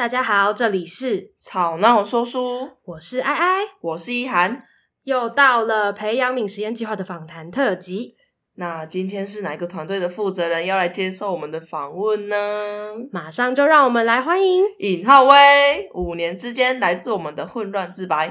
大家好，這裡是吵鬧說書，我是艾艾，我是一涵，又到了培養皿實驗計劃的訪談特輯。那今天是哪個團隊的負責人要來接受我們的訪問呢？馬上就讓我們來歡迎尹浩威。五年之間，來自我們的《混亂自白》，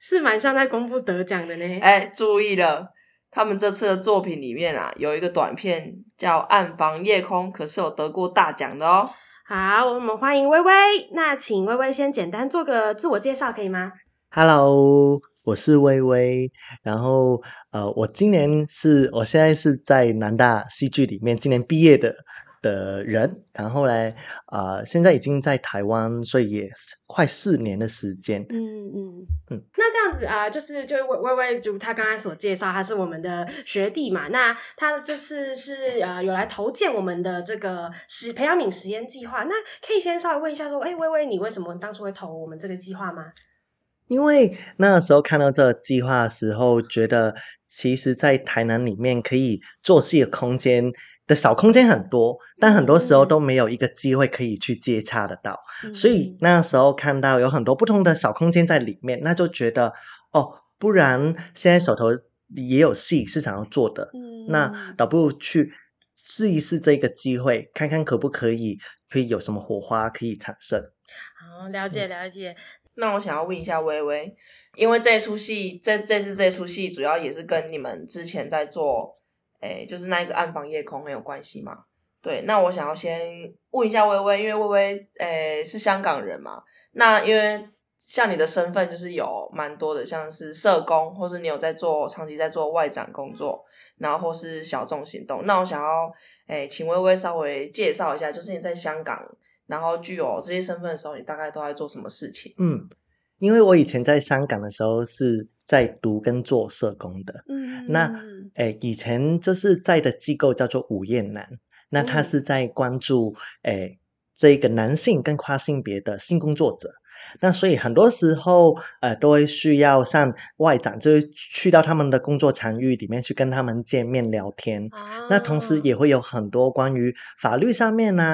是蠻像在公布得獎的呢。哎、欸，注意了，他們這次的作品裡面啊，有一個短片叫《暗房夜空》，可是有得過大獎的哦。好，我們歡迎威威。那請威威先簡單做個自我介紹，可以嗎？Hello，我是威威。然後，呃，我今年是我現在是在南大戲劇裡面，今年畢業的。的人，然後嘞，啊、呃，現在已經在台灣，所以也快四年的時間。嗯嗯嗯。嗯嗯，那這樣子啊，就是就威威威，就他剛剛所介紹，他是我們的學弟嘛。那他這次是呃有來投件我們的這個實培養皿實驗計劃。那可以先稍微問一下，說，哎、欸，威威，你為什麼當初會投我們這個計劃嗎？因為那時候看到這個計劃的時候，覺得其實，在台南裡面可以做戲的空間，的小空間很多，但很多時候都沒有一個機會可以去接洽得到。嗯、所以那時候看到有很多不同的小空間在裡面，那就覺得哦，不然現在手頭也有戲，是想要做的，嗯、那倒不如去試一試這個機會，看看可不可以，可以有什麼火花可以產生。好，了解了解。嗯、那我想要問一下威威，因為這出戲這這次這出戲主要也是跟你們之前在做。哎，就是那一個暗房夜空，很有關係嘛。對，那我想要先問一下威威，因為威威哎，是香港人嘛。那因為像你的身份，就是有蠻多的，像是社工，或是你有在做長期在做外展工作，然後或是小眾行動。那我想要，哎，請威威稍微介紹一下，就是你在香港，然後具有這些身份的時候，你大概都在做什麼事情？嗯，因為我以前在香港的時候是。在讀跟做社工的，嗯、那誒、呃，以前就是在的機構叫做午夜藍，那他是在關注誒、嗯呃、這個男性跟跨性別的性工作者，那所以很多時候呃都會需要上外展，就去到他們的工作場域裡面去跟他們見面聊天，啊、那同時也會有很多關於法律上面呢、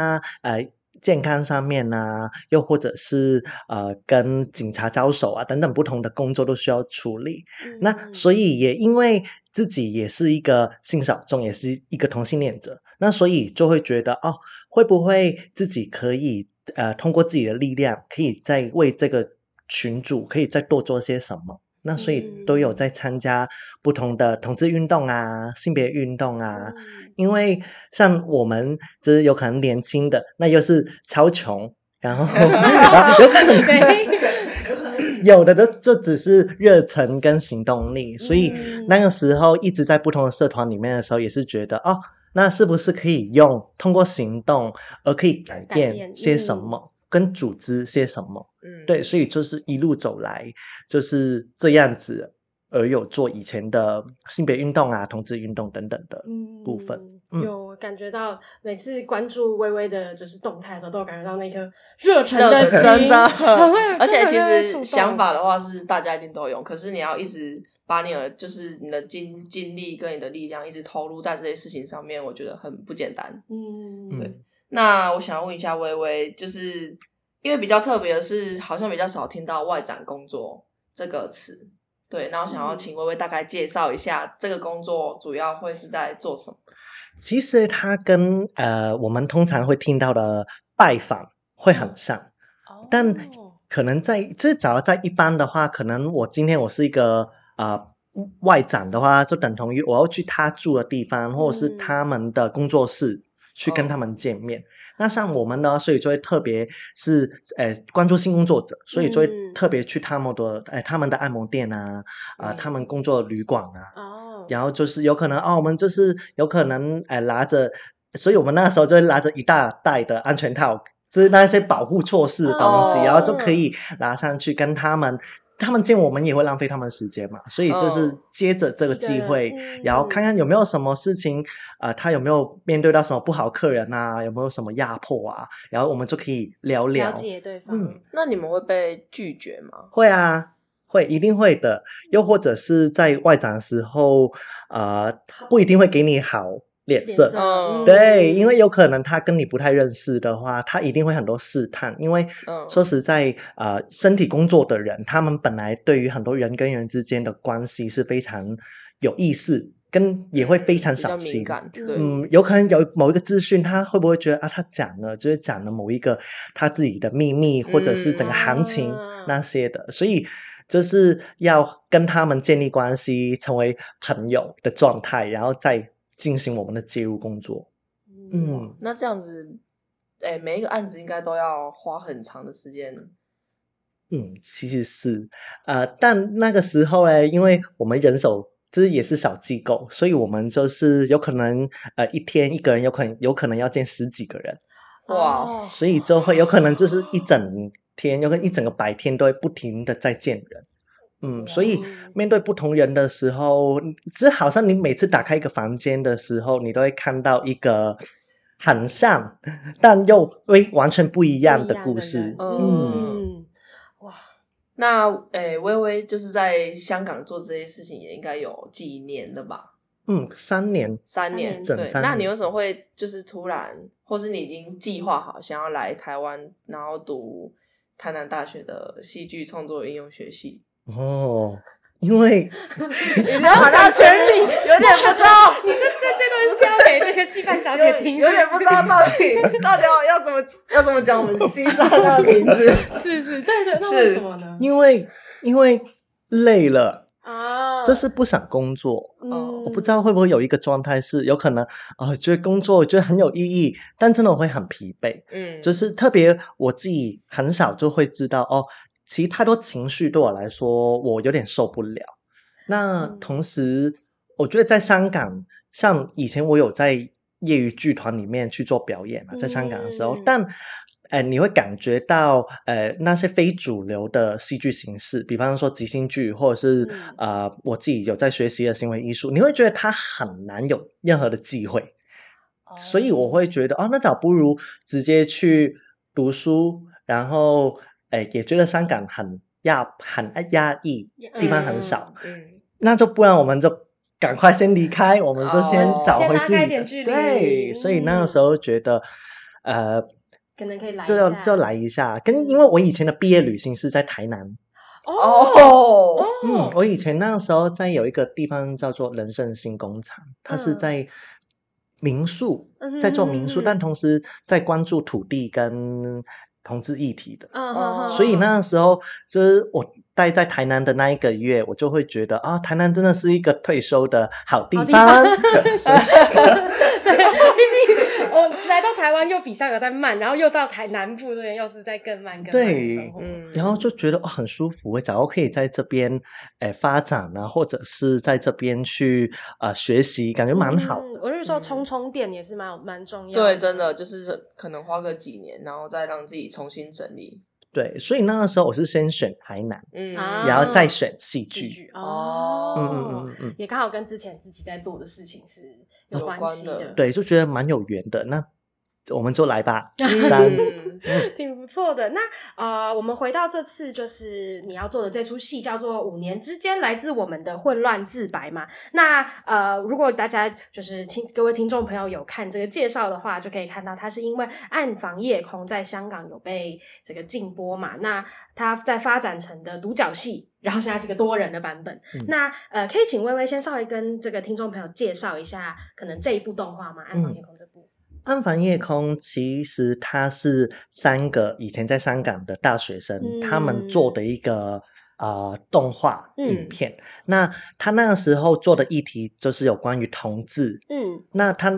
啊，誒、呃。健康上面啊，又或者是呃跟警察交手啊等等不同的工作都需要處理。嗯、那所以也因為自己也是一個性小眾，也是一個同性戀者，那所以就會覺得哦，會不會自己可以呃通過自己的力量，可以再為這個群主可以再多做些什麼？那所以都有在參加不同的同志運動啊、性別運動啊，嗯、因為像我們就是有可能年輕的，那又是超窮，然後有可能有的都就只是熱忱跟行動力，所以、嗯、那個時候一直在不同的社團裡面的時候，也是覺得哦，那是不是可以用通過行動而可以改變些什麼？跟組織些什麼？嗯，對，所以就是一路走來，就是這樣子，而有做以前的性別運動啊、同志運動等等的部分，嗯嗯、有感覺到每次關注微微的就是動態的時候，都有感覺到那顆熱忱的心，真的 而且其實想法的話是大家一定都有，可是你要一直把你的就是你的精精力跟你的力量一直投入在這些事情上面，我覺得很不簡單。嗯，對。嗯那我想要問一下威威，就是因為比較特別的是，好像比較少聽到外展工作這個詞，對。那我想要請威威大概介紹一下，嗯、這個工作主要會是在做什麼？其實它跟呃我們通常會聽到的拜訪會很像，嗯、但可能在最早在一般的話，可能我今天我是一個呃外展的話，就等同於我要去他住的地方，或者是他們的工作室。嗯去跟他們見面，oh. 那像我們呢，所以就會特別是誒、呃、關注性工作者，所以就會特別去他們的誒、呃、他們的按摩店啊，啊、mm. 呃、他們工作的旅館啊，oh. 然後就是有可能啊、哦，我們就是有可能誒、呃、拿着，所以我們那時候就會拿着一大袋的安全套，就是那些保護措施的東西，oh. 然後就可以拿上去跟他們。他們見我們也會浪費他們時間嘛，所以就是接着這個機會，哦嗯、然後看看有沒有什麼事情，啊、呃，他有沒有面對到什麼不好客人啊，有沒有什麼壓迫啊，然後我們就可以聊聊。了解對方，嗯、那你們會被拒絕嗎？會啊，會一定會的。又或者是在外展的時候，啊、呃，他不一定會給你好。臉色，嗯、對，因為有可能他跟你不太認識的話，他一定會很多試探。因為說實在，嗯、呃，身體工作的人，他們本來對於很多人跟人之間的關係是非常有意識，跟也會非常小心。嗯，有可能有某一個資訊，他會不會覺得啊，他講了就是講了某一個他自己的秘密，或者是整個行情、嗯、那些的，所以就是要跟他們建立關係，成為朋友的狀態，然後再。進行我們的介入工作，嗯，那這樣子，哎、欸，每一個案子應該都要花很長的時間，嗯，其實是，呃，但那個時候呢，因為我們人手這也是小機構，所以我們就是有可能，呃，一天一個人有可能有可能要見十幾個人，呃、哇，所以就會有可能就是一整天，哇，有可能一整個白天都會不停的在見人。嗯，Wow. 所以面對不同人的時候，只好像你每次打開一個房間的時候，你都會看到一個很像但又微、欸、完全不一樣的故事。對對，嗯，嗯哇，那誒、欸，微微就是在香港做這些事情，也應該有幾年了吧？嗯，三年，三年整三年。對，那你為什麼會就是突然，或是你已經計劃好想要來台灣，然後讀台南大學的戲劇創作應用學系？哦，因為你沒有講全名有點不招，你這這這段是要給那個戲班小姐聽，有點不招。到底到底要要怎麼要怎麼講我們西藏的名字？是是，對對。那是什麼呢？因為因為累了啊，就是不想工作。我不知道會不會有一個狀態是有可能啊，覺得工作覺得很有意義，但真的會很疲憊。嗯，就是特別我自己很少就會知道哦。其實太多情緒對我來說，我有點受不了。那同時，嗯、我覺得在香港，像以前我有在業餘劇團裡面去做表演嘛，在香港的時候，嗯、但、呃、你會感覺到呃，那些非主流的戲劇形式，比方說即興劇，或者是、嗯、呃，我自己有在學習的行為藝術，你會覺得它很難有任何的機會。哦、所以我會覺得，哦，那倒不如直接去讀書，然後。誒，也覺得香港很壓，很壓抑，地方很少。那就不然我們就趕快先離開，我們就先找回自己的。對，所以那個時候覺得，呃，可能可以來就要就來一下。跟，因為我以前的畢業旅行是在台南。哦哦，嗯，我以前那個時候在有一個地方叫做人生新工廠，它是在民宿，在做民宿，但同時在關注土地跟。同志議題的，哦、所以那時候，就是我待在台南的那一個月，我就會覺得啊，台南真的是一個退休的好地方。對。 到台灣又比上個再慢，然後又到台南部這邊又是再更慢更慢的，對、嗯、然後就覺得哦，很舒服，找到可以在這邊誒發展、啊、或者是在這邊去呃學習，感覺蠻好的、嗯。我是說充充電也是蠻蠻重要的，對，真的就是可能花個幾年，然後再讓自己重新整理。對，所以那個時候我是先選台南，然後、嗯、再選戲劇哦，嗯嗯嗯嗯，嗯嗯嗯嗯，也剛好跟之前自己在做的事情是有關係的，的對，就覺得蠻有緣的。那我們就來吧，這樣子、 嗯，挺不錯的。那呃，我們回到這次，就是你要做的這出戲叫做《五年之間來自我們的混亂自白》嘛。那呃，如果大家就是聽各位聽眾朋友有看這個介紹的話，就可以看到它是因為《暗房夜空》在香港有被這個禁播嘛。那它在發展成的獨角戲，然後現在是個多人的版本。嗯、那呃，可以請威威先稍微跟這個聽眾朋友介紹一下，可能這一部動畫嘛，《暗房夜空》這部。嗯《暗房夜空》其實它是三個以前在香港的大學生、嗯、他們做的一個呃動畫影片。嗯、那他那個時候做的議題就是有關於同志。嗯，那他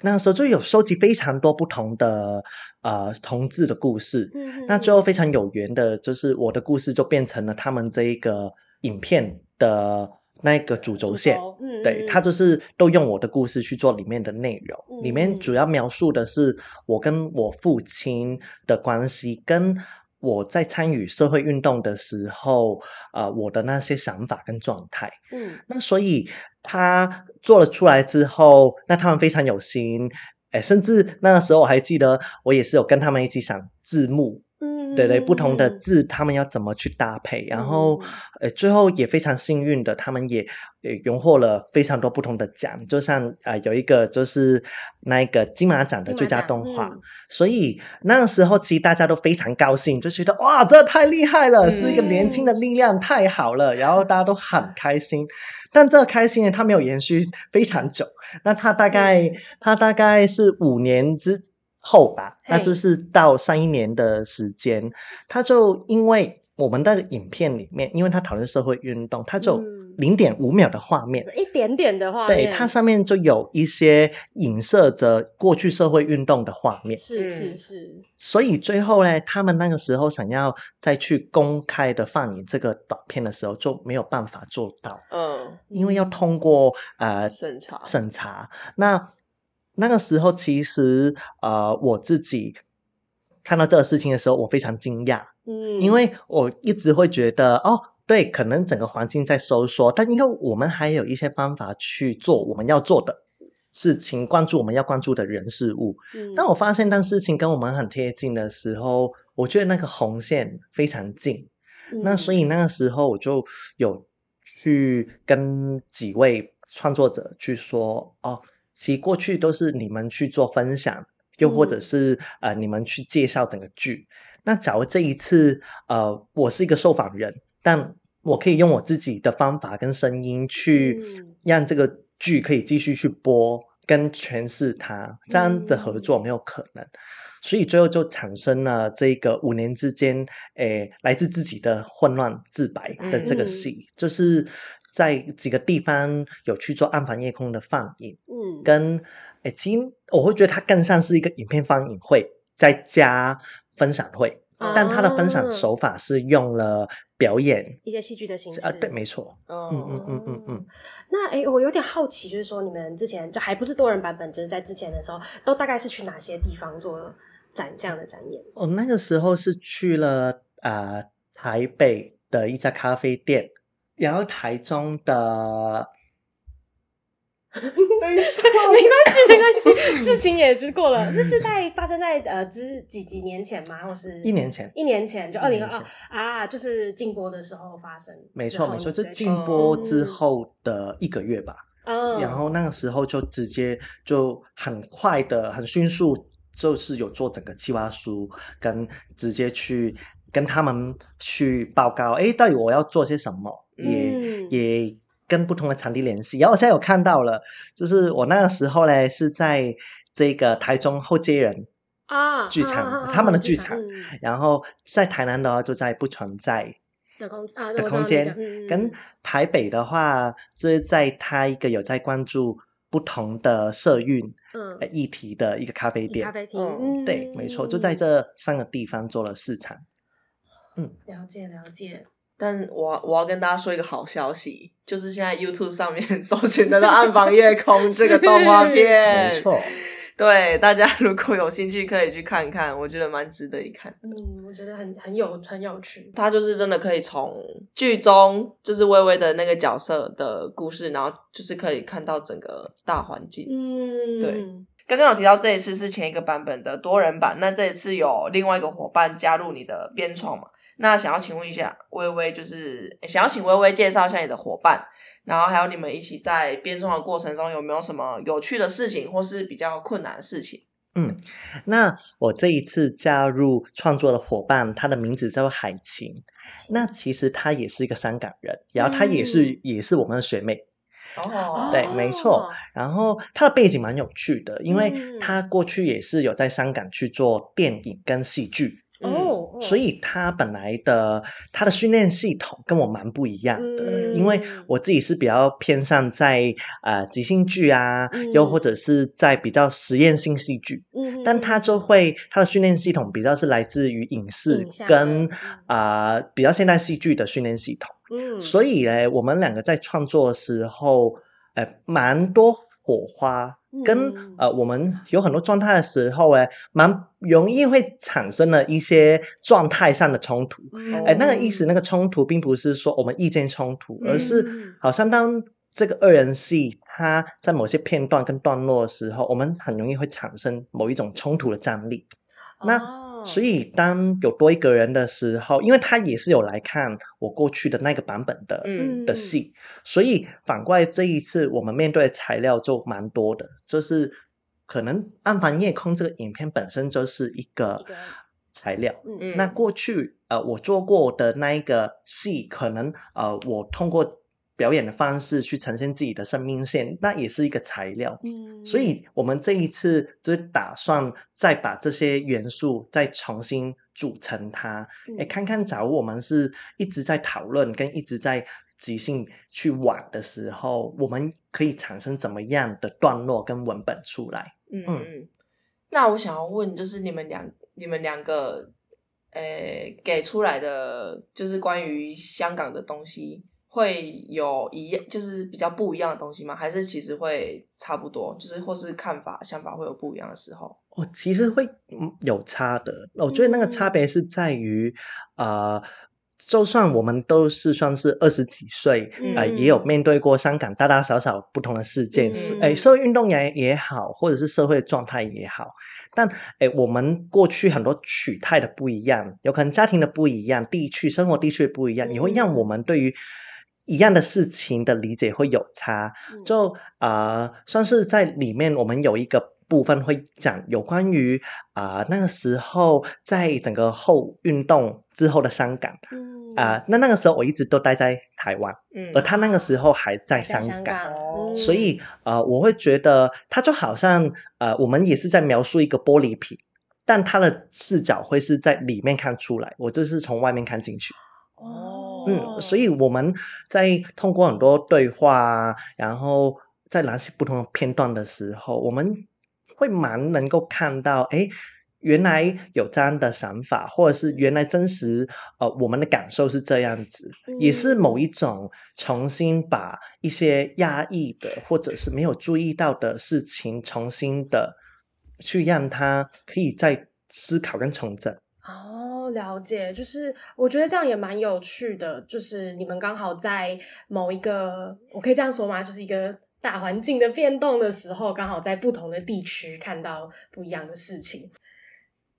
那個時候就有收集非常多不同的呃同志的故事。嗯，那最後非常有緣的就是我的故事就變成了他們這一個影片的。那個主軸線，軸嗯、對，他就是都用我的故事去做裡面的內容，嗯、裡面主要描述的是我跟我父親的關係，跟我在參與社會運動的時候啊、呃，我的那些想法跟狀態。嗯，那所以他做了出來之後，那他們非常有心，哎，甚至那個時候我還記得，我也是有跟他們一起想字幕。嗯，對對，不同的字他們要怎麼去搭配？嗯、然後，呃，最後也非常幸運的，他們也呃榮獲了非常多不同的獎，就像啊、呃，有一個就是那一個金馬獎的最佳動畫。嗯、所以那時候其實大家都非常高興，就覺得哇，這太厲害了，是一個年輕的力量，太好了。嗯、然後大家都很開心，但這個開心呢，它沒有延續非常久。那他大概，他是大概是五年之後吧，那就是到上一年的時間，hey, 他就因為我們的影片裡面，因為他討論社會運動，嗯、他就零點五秒的畫面，一點點的畫面，對，它上面就有一些影射着過去社會運動的畫面，是是是。是是所以最後呢，他們那個時候想要再去公開的放映這個短片的時候，就沒有辦法做到，嗯，因為要通過、嗯、呃審查審查，那。那個時候，其實呃，我自己看到這個事情的時候，我非常驚訝，嗯，因為我一直會覺得，哦，對，可能整個環境在收縮，但因為我們還有一些方法去做我們要做的事情，關注我們要關注的人事物。嗯，但我發現，當事情跟我們很貼近的時候，我覺得那個紅線非常近。嗯，那所以那個時候，我就有去跟幾位創作者去說，哦。其實過去都是你們去做分享，又或者是，嗯、呃你們去介紹整個劇。那假如這一次呃我是一個受訪人，但我可以用我自己的方法跟聲音去讓這個劇可以繼續去播跟詮釋它，嗯，這樣的合作沒有可能，嗯、所以最後就產生了這個五年之間誒、欸、來自自己的混亂自白的這個戲，嗯、就是。在幾個地方有去做《暗房夜空》的放映，嗯，跟誒，今、欸，其實我會覺得它更像是一個影片放映會，再加分享會，哦、但它的分享手法是用了表演一些戲劇的形式啊，對，沒錯、哦嗯，嗯嗯嗯嗯嗯。嗯嗯那誒、欸，我有點好奇，就是說你們之前就還不是多人版本，就是在之前的時候，都大概是去哪些地方做展這樣的展演？哦，那個時候是去了啊、呃，台北的一家咖啡店。然後台中的沒關係， 沒關係，沒關係，事情也就過了。這是在發生在呃，之幾幾年前嘛，還是一年前？一年前就二零二二啊，就是禁播的時候發生。沒錯，沒錯，就禁播之後的一個月吧。嗯、哦，然後那個時候就直接就很快的、很迅速，就是有做整個計劃書，跟直接去跟他們去報告。哎，到底我要做些什麼？也、嗯、也跟不同的場地聯繫，然後我現在有看到了，就是我那個時候呢，是在這個台中後街人啊劇場，啊、他們的劇場，然後在台南的話就在不存在的空間、啊的嗯、跟台北的話，這是在他一個有在關注不同的社運嗯議題的一個咖啡店，咖啡廳，對，嗯、沒錯，就在這三個地方做了市場，嗯，了解了解。了解但我我要跟大家說一個好消息，就是現在 YouTube 上面搜尋的《暗房夜空》這個動畫片，沒錯 是，對，大家如果有興趣可以去看看，我覺得蠻值得一看。嗯，我覺得很很有很有趣，它就是真的可以從劇中就是微微的那個角色的故事，然後就是可以看到整個大環境。嗯，對。剛剛有提到這一次是前一個版本的多人版，那這一次有另外一個夥伴加入你的編創嘛？那想要請問一下威威，威威就是想要請威威介紹一下你的夥伴，然後還有你們一起在編創的過程中有沒有什麼有趣的事情，或是比較困難的事情？嗯，那我這一次加入創作的夥伴，他的名字叫做海琴，海琴。那其實他也是一個香港人，嗯、然後他也是也是我們的學妹。哦，對，沒錯。然後他的背景蠻有趣的，嗯、因為他過去也是有在香港去做電影跟戲劇。所以他本來的、嗯、他的訓練系統跟我蠻不一樣的，嗯、因為我自己是比較偏向在呃即興劇啊，嗯、又或者是在比較實驗性戲劇，嗯、但他就會他的訓練系統比較是來自於影視跟啊、嗯呃、比較現代戲劇的訓練系統。嗯，所以呢，我們兩個在創作的時候，哎、呃，蠻多火花。跟呃，我們有很多狀態的時候，哎，蠻容易會產生了一些狀態上的衝突。哎、嗯，那個意思，那個衝突並不是說我們意見衝突，而是好像當這個二人戲它在某些片段跟段落的時候，我們很容易會產生某一種衝突的張力。那，哦所以當有多一個人的時候，因為他也是有來看我過去的那個版本的、嗯、的戲，所以反過來這一次我們面對的材料就蠻多的。就是可能《暗房夜空》這個影片本身就是一個材料，嗯、那過去呃我做過的那一個戲，可能呃我通過。表演的方式去呈現自己的生命線，那也是一個材料。嗯，所以我們這一次就打算再把這些元素再重新組成它。誒、嗯欸，看看，假如我們是一直在討論跟一直在即興去玩的時候，我們可以產生怎麼樣的段落跟文本出來？嗯嗯。嗯那我想要問，就是你們兩，你們兩個，誒、欸，給出來的就是關於香港的東西。會有一樣，就是比較不一樣的東西嗎？還是其實會差不多？就是或是看法、想法會有不一樣的時候？哦，其實會有差的。嗯、我覺得那個差別是在於，嗯、呃，就算我們都是算是二十幾歲，啊、嗯呃，也有面對過香港，大大小小不同的事件，嗯、是、哎、社會運動也也好，或者是社會狀態也好。但、哎、我們過去很多取態的不一樣，有可能家庭的不一樣，地區生活地區的不一樣，嗯、也會讓我們對於。一樣的事情的理解會有差，嗯、就呃，算是在裡面，我們有一個部分會講有關於啊、呃、那個時候在整個後運動之後的香港，啊、嗯呃，那那個時候我一直都待在台灣，嗯、而他那個時候還在香港，香港嗯、所以呃，我會覺得他就好像呃，我們也是在描述一個玻璃瓶，但他的視角會是在裡面看出來，我就是從外面看進去，哦。嗯，所以我們在通過很多對話，然後在哪些不同的片段的時候，我們會蠻能夠看到，哎，原來有這樣的想法，或者是原來真實，呃，我們的感受是這樣子，嗯、也是某一種重新把一些壓抑的或者是沒有注意到的事情，重新的去讓它可以再思考跟重整。哦。哦、了解，就是我覺得這樣也蠻有趣的，就是你們剛好在某一個，我可以這樣說嗎？就是一個大環境的變動的時候，剛好在不同的地區看到不一樣的事情。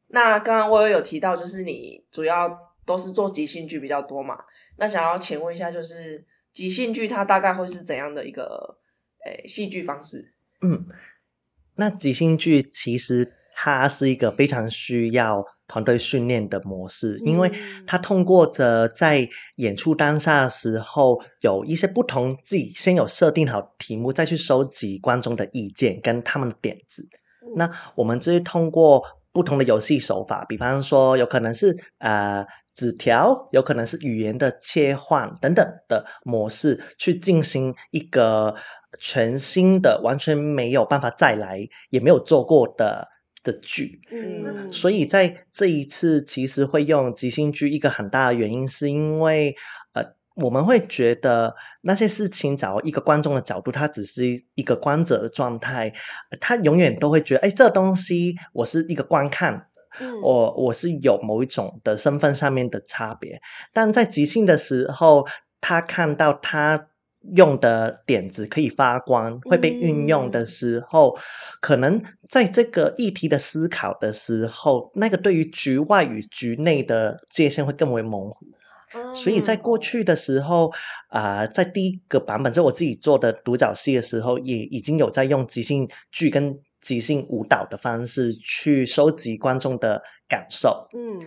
那剛剛我也有提到，就是你主要都是做即興劇比較多嘛？那想要請問一下，就是即興劇它大概會是怎樣的一個誒戲劇方式？嗯，那即興劇其實它是一個非常需要。團隊訓練的模式，因為他通過着在演出當下的時候，有一些不同，自己先有設定好題目，再去收集觀眾的意見跟他們的點子。那我們就是通過不同的遊戲手法，比方說有可能是呃紙條，有可能是語言的切換等等的模式，去進行一個全新的、完全沒有辦法再來也沒有做過的。的劇，嗯、所以在這一次其實會用即興劇一個很大的原因，是因為呃，我們會覺得那些事情，找一個觀眾的角度，他只是一個觀者的狀態，他、呃、永遠都會覺得，哎、欸，這個、東西我是一個觀看，我、嗯、我是有某一種的身份上面的差別，但在即興的時候，他看到他。用的點子可以發光，會被運用的時候，嗯、可能在這個議題的思考的時候，那個對於局外與局內的界限會更為模糊。嗯、所以，在過去的時候，啊、呃，在第一個版本，就我自己做的獨角戲的時候，也已經有在用即興劇跟即興舞蹈的方式去收集觀眾的感受。嗯，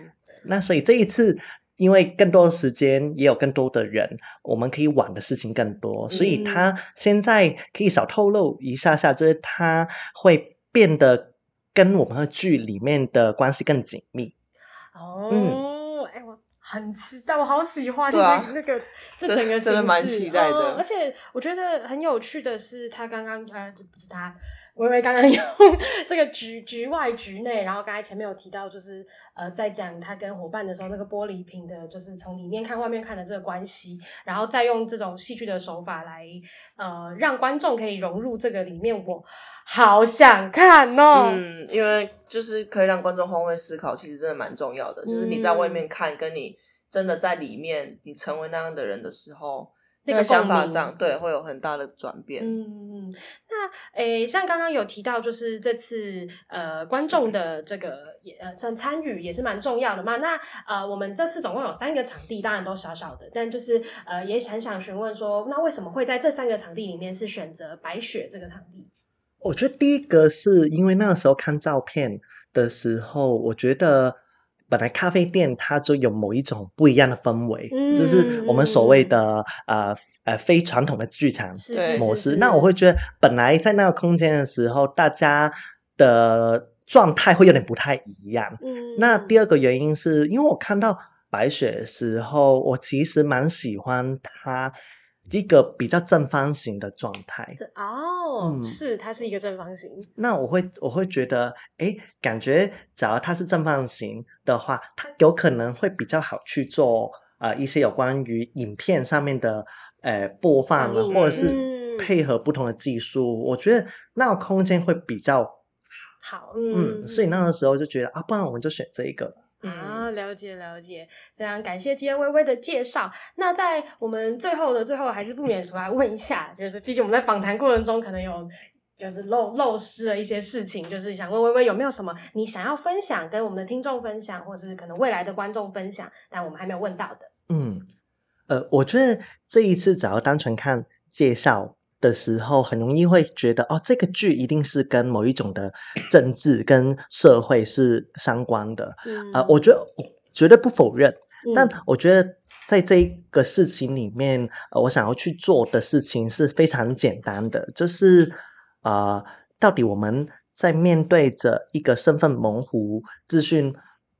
那所以這一次。因為更多時間也有更多的人，我們可以玩的事情更多，嗯、所以他現在可以少透露一下下，就是他會變得跟我們的劇裡面的關係更緊密。哦。嗯很期待，我好喜歡那個，啊、這整個形式真的蠻期待的，呃。而且我覺得很有趣的是他剛剛，他剛剛呃，不是他，威威剛剛用這個局局外局內，然後剛才前面有提到，就是呃，在講他跟夥伴的時候，那個玻璃瓶的，就是從裡面看外面看的這個關係，然後再用這種戲劇的手法來。呃，讓觀眾可以融入這個裡面，我好想看哦。嗯，因為就是可以讓觀眾換位思考，其實真的蠻重要的。嗯。就是你在外面看，跟你真的在裡面，你成為那樣的人的時候。那個想法上，嗯、對，會有很大的轉變。嗯，那誒、欸，像剛剛有提到，就是這次呃，觀眾的這個也呃，參與也是蠻重要的嘛。那呃，我們這次總共有三個場地，當然都小小的，但就是呃，也很想詢問說，那為什麼會在這三個場地裡面是選擇白雪這個場地？我覺得第一個是因為那個時候看照片的時候，我覺得。本來咖啡店它就有某一種不一樣的氛圍，嗯、這是我們所謂的、嗯、呃呃非傳統的劇場模式。是是是是。那我會覺得，本來在那個空間的時候，大家的狀態會有點不太一樣。嗯、那第二個原因是因為我看到白雪的時候，我其實蠻喜歡她。一個比較正方形的狀態，這哦，嗯、是它是一個正方形。那我會我會覺得，哎，感覺只要它是正方形的話，它有可能會比較好去做啊、呃、一些有關於影片上面的呃播放，或者是配合不同的技術。嗯、我覺得那個空間會比較好，好、嗯，嗯，所以那個時候就覺得啊，不然我們就選這一個。啊，了解了解，非常感謝今天威威的介紹。那在我們最後的最後，還是不免說來問一下，就是畢竟我們在訪談過程中可能有就是漏漏失了一些事情，就是想問威威有沒有什麼你想要分享跟我們的聽眾分享，或是可能未來的觀眾分享，但我們還沒有問到的。嗯，呃，我覺得這一次只要單純看介紹的時候，很容易會覺得哦，這個劇一定是跟某一種的政治跟社會是相關的。啊、嗯呃，我覺得我絕對不否認。嗯、但我覺得在這個事情裡面、呃，我想要去做的事情是非常簡單的，就是啊、呃，到底我們在面對着一個身份模糊、資訊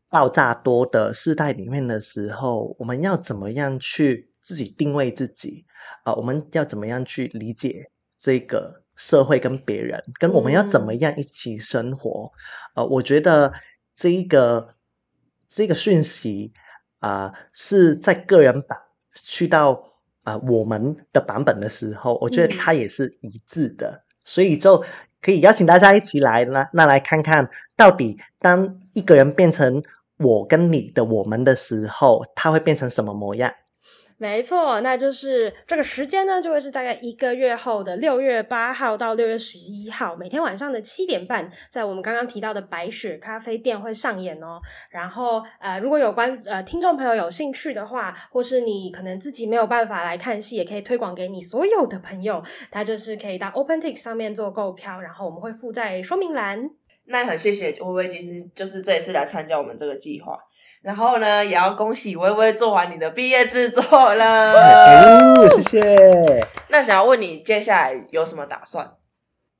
爆炸多的世代裡面的時候，我們要怎麼樣去？自己定位自己啊、呃，我們要怎麼樣去理解這個社會跟別人，跟我們要怎麼樣一起生活？呃，我覺得這一個這個訊息啊、呃，是在個人版去到啊、呃、我們的版本的時候，我覺得它也是一致的，嗯、所以就可以邀請大家一起來，那那來看看到底當一個人變成我跟你的我們的時候，他會變成什麼模樣？沒錯，那就是這個時間呢，就會是大概一個月後的六月八號到六月十一號，每天晚上的七點半，在我們剛剛提到的白雪咖啡店會上演哦。然後呃，如果有觀呃聽眾朋友有興趣的話，或是你可能自己沒有辦法來看戲，也可以推廣給你所有的朋友，他就是可以到 OpenTix 上面做購票，然後我們會附在說明欄。那也很謝謝威威今天就是這一次來參加我們這個計劃。然後呢，也要恭喜威威做完你的畢業制作了。謝謝。那想要問你接下來有什麼打算？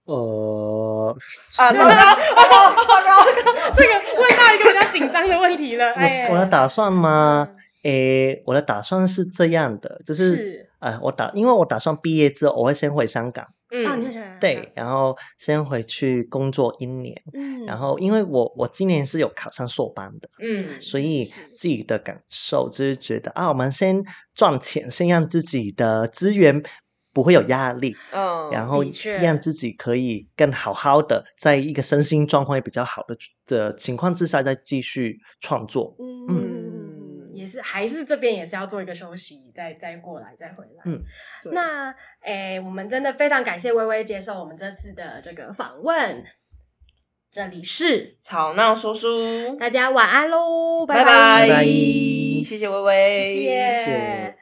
呃啊，糟糕糟糕糟糕，這個問到一個比較緊張的問題了。我的打算嗎？哎，我的打算是這樣的，就是唉，我打因為我打算畢業之後我會先回香港。嗯，對，嗯、然後先回去工作一年，嗯、然後因為我我今年是有考上碩班的，嗯，所以自己的感受就是覺得啊，我們先賺錢，先讓自己的資源不會有壓力，哦、然後讓自己可以更好好的，在一個身心狀況也比較好的的情況之下，再繼續創作，嗯。嗯是，還是這邊也是要做一個休息，再再過來，再回來。嗯，那誒、欸，我們真的非常感謝威威接受我們這次的這個訪問。這裡是吵鬧說書，大家晚安嘍，拜拜，拜拜，謝謝威威，謝謝。謝謝